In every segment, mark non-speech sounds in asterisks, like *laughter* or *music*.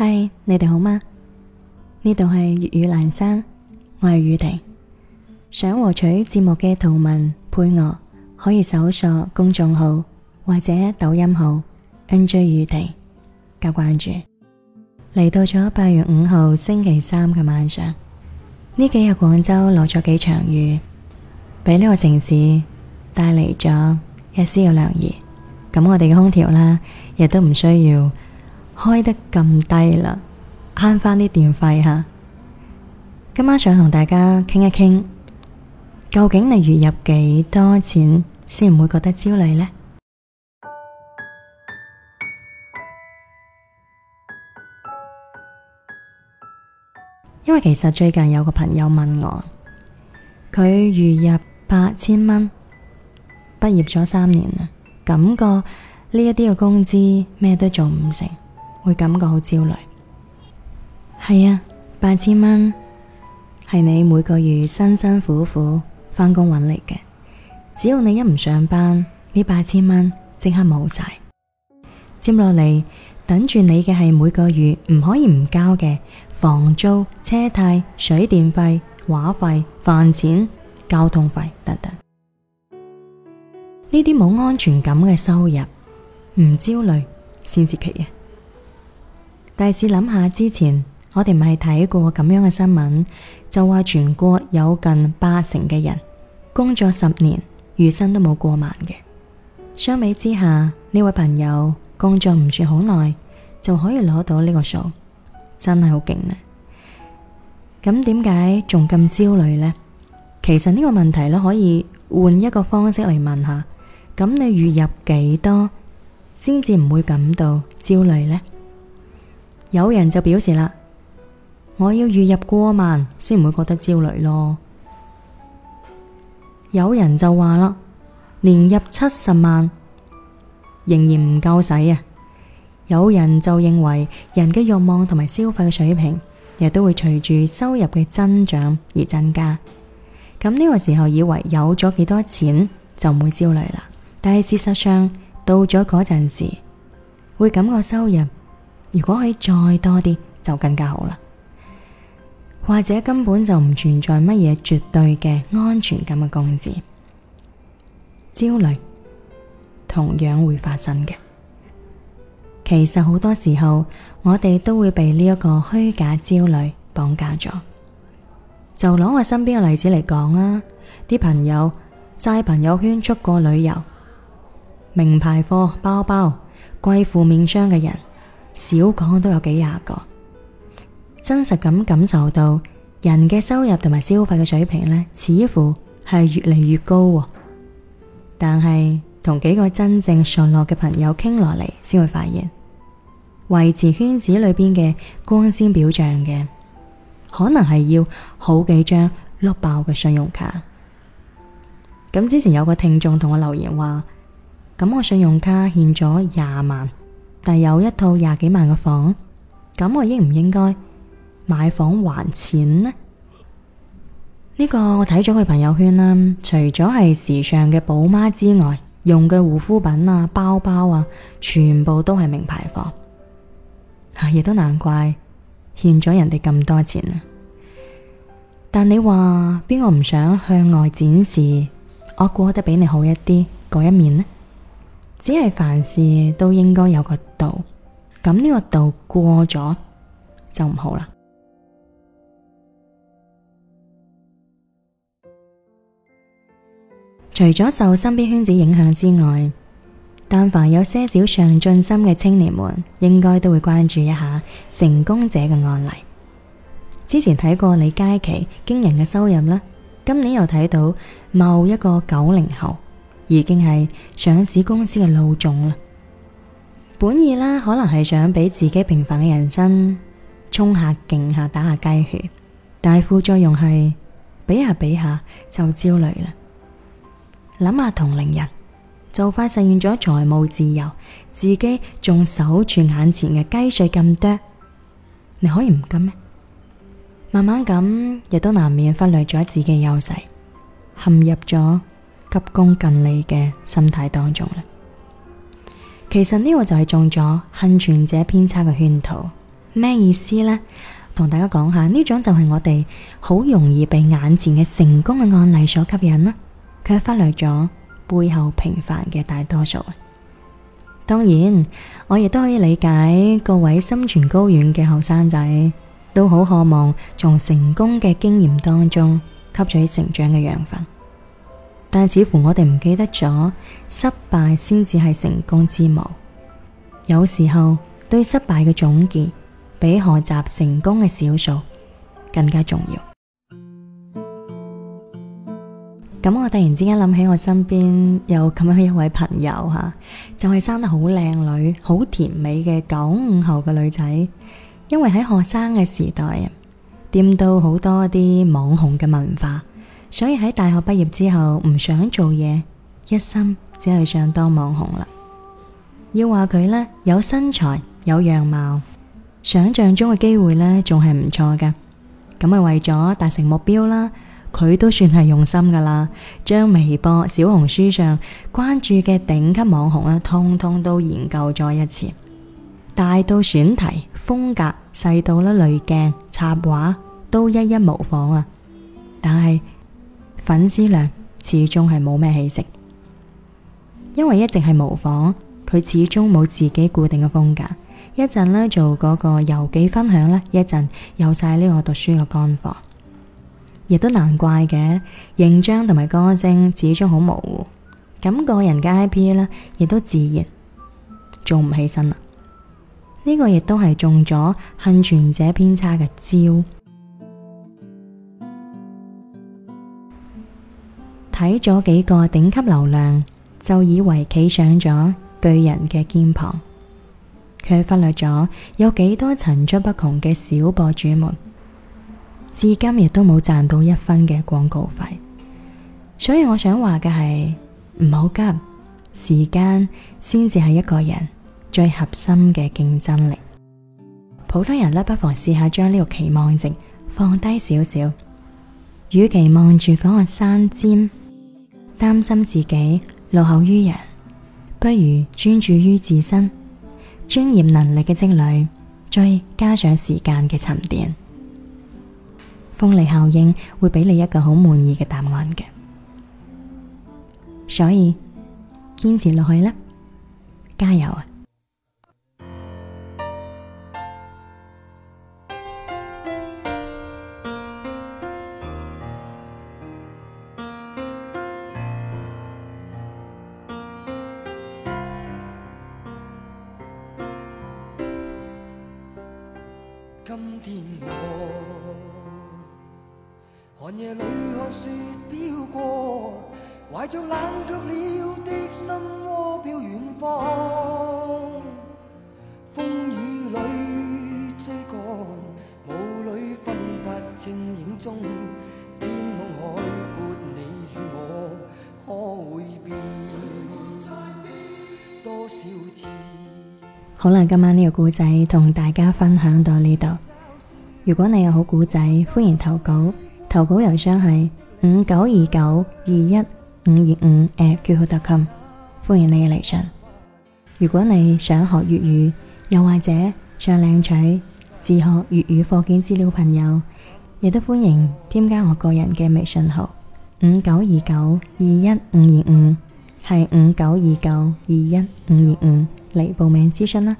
嗨，Hi, 你哋好嗎？呢度係粵語闌珊，我係宇婷。想獲取節目嘅圖文配樂，可以搜索公眾號或者抖音號 NJ 宇婷加關注。嚟到咗八月五號星期三嘅晚上，呢幾日廣州落咗幾場雨，俾呢個城市帶嚟咗一絲嘅涼意。咁我哋嘅空調啦，亦都唔需要。開得咁低啦，慳翻啲電費吓。今晚想同大家傾一傾，究竟你月入幾多錢先唔會覺得焦慮呢？因為其實最近有個朋友問我，佢月入八千蚊，畢業咗三年啦，感覺呢一啲嘅工資咩都做唔成。會感覺好焦慮。係啊，八千蚊係你每個月辛辛苦苦翻工揾嚟嘅，只要你一唔上班，呢八千蚊即刻冇晒。接落嚟等住你嘅係每個月唔可以唔交嘅房租、車貸、水電費、話費、飯錢、交通費等等。呢啲冇安全感嘅收入，唔焦慮先至奇啊！但試諗下之前，我哋唔係睇過咁樣嘅新聞，就話全國有近八成嘅人工作十年，月薪都冇過萬嘅。相比之下，呢位朋友工作唔算好耐，就可以攞到呢個數，真係好勁咧。咁點解仲咁焦慮呢？其實呢個問題咧可以換一個方式嚟問下，咁你月入幾多先至唔會感到焦慮呢？有人就表示啦，我要月入過萬先唔會覺得焦慮咯。有人就話啦，年入七十萬仍然唔夠使啊。有人就認為人嘅欲望同埋消費嘅水平，亦都會隨住收入嘅增長而增加。咁呢個時候以為有咗幾多錢就唔會焦慮啦，但係事實上到咗嗰陣時，會感覺收入。如果可以再多啲，就更加好啦。或者根本就唔存在乜嘢絕對嘅安全感嘅工資，焦慮同樣會發生嘅。其實好多時候我哋都會被呢一個虛假焦慮綁架咗。就攞我身邊嘅例子嚟講啊，啲朋友晒朋友圈出國旅遊、名牌貨、包包、貴婦面霜嘅人。少講都有幾廿個，真實咁感,感受到人嘅收入同埋消費嘅水平呢，似乎係越嚟越高。但係同幾個真正熟落嘅朋友傾落嚟，先會發現維持圈子裏邊嘅光鮮表象嘅，可能係要好幾張碌爆嘅信用卡。咁之前有個聽眾同我留言話：咁我信用卡欠咗廿萬。但有一套廿幾萬嘅房，咁我應唔應該買房還錢呢？呢個我睇咗佢朋友圈啦，除咗係時尚嘅寶媽之外，用嘅護膚品啊、包包啊，全部都係名牌貨啊，亦都難怪欠咗人哋咁多錢啊！但你話邊個唔想向外展示，我過得比你好一啲嗰一面呢？只係凡事都應該有個度，咁呢個度過咗就唔好啦。除咗受身邊圈子影響之外，但凡有些少上進心嘅青年們，應該都會關注一下成功者嘅案例。之前睇過李佳琦驚人嘅收入啦，今年又睇到某一個九零後。已經係上市公司嘅老總啦，本意啦可能係想俾自己平凡嘅人生衝下勁，下打下雞血，但係副作用係比下比下就焦慮啦。諗下同齡人就快實現咗財務自由，自己仲守住眼前嘅雞碎咁多，你可以唔驚咩？慢慢咁亦都難免忽略咗自己嘅優勢，陷入咗。急功近利嘅心態當中啦，其實呢個就係中咗幸存者偏差嘅圈套。咩意思呢？同大家講下，呢種就係我哋好容易被眼前嘅成功嘅案例所吸引啦，卻忽略咗背後平凡嘅大多數。當然，我亦都可以理解各位心存高遠嘅後生仔，都好渴望從成功嘅經驗當中吸取成長嘅養分。但似乎我哋唔記得咗，失敗先至係成功之母。有時候對失敗嘅總結，比學習成功嘅少數更加重要。咁 *noise* 我突然之間諗起我身邊有咁樣一位朋友吓，就係生得好靚女、好甜美嘅九五後嘅女仔。因為喺學生嘅時代，掂到好多啲網紅嘅文化。所以喺大學畢業之後，唔想做嘢，一心只係想當網紅啦。要話佢呢，有身材、有樣貌，想象中嘅機會呢仲係唔錯噶。咁咪為咗達成目標啦，佢都算係用心噶啦。將微博、小紅書上關注嘅頂級網紅啦，通通都研究咗一次，大到選題、風格，細到啦濾鏡、插畫，都一一模仿啊。但係。粉絲量始終係冇咩起色，因為一直係模仿，佢始終冇自己固定嘅風格。一陣呢做嗰個遊記分享咧，一陣有晒呢個讀書嘅乾貨，亦都難怪嘅，影章同埋歌聲始終好模糊，咁、那個人嘅 I P 呢亦都自然做唔起身啦。呢、這個亦都係中咗幸存者偏差嘅招。睇咗幾個頂級流量，就以為企上咗巨人嘅肩膀，卻忽略咗有幾多層出不窮嘅小博主們，至今亦都冇賺到一分嘅廣告費。所以我想話嘅係唔好急，時間先至係一個人最核心嘅競爭力。普通人咧，不妨試下將呢個期望值放低少少，與其望住嗰個山尖，擔心自己落後於人，不如專注於自身專業能力嘅積累，再加上時間嘅沉澱，風力效應會俾你一個好滿意嘅答案嘅。所以堅持落去啦，加油啊！夜裡看雪飄過，懷著冷卻了的心，窩飄遠方，風雨裡追趕，霧裡分不清影蹤，天空海闊，你與我可會變，誰沒在變多少次？好啦，今晚呢個故仔同大家分享到呢度。如果你有好故仔，歡迎投稿。投稿郵箱係五九二九二一五二五，@qq dot com，歡迎你嘅嚟信。如果你想學粵語，又或者想領取自學粵語課件資料，朋友亦都歡迎添加我個人嘅微信號五九二九二一五二五，係五九二九二一五二五嚟報名諮詢啦。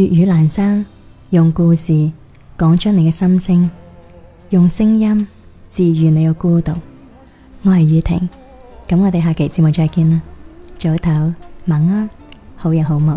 粵語闌珊，用故事講出你嘅心聲，用聲音治愈你嘅孤獨。我係宇婷，咁我哋下期節目再見啦！早唞，晚安，好夜好夢。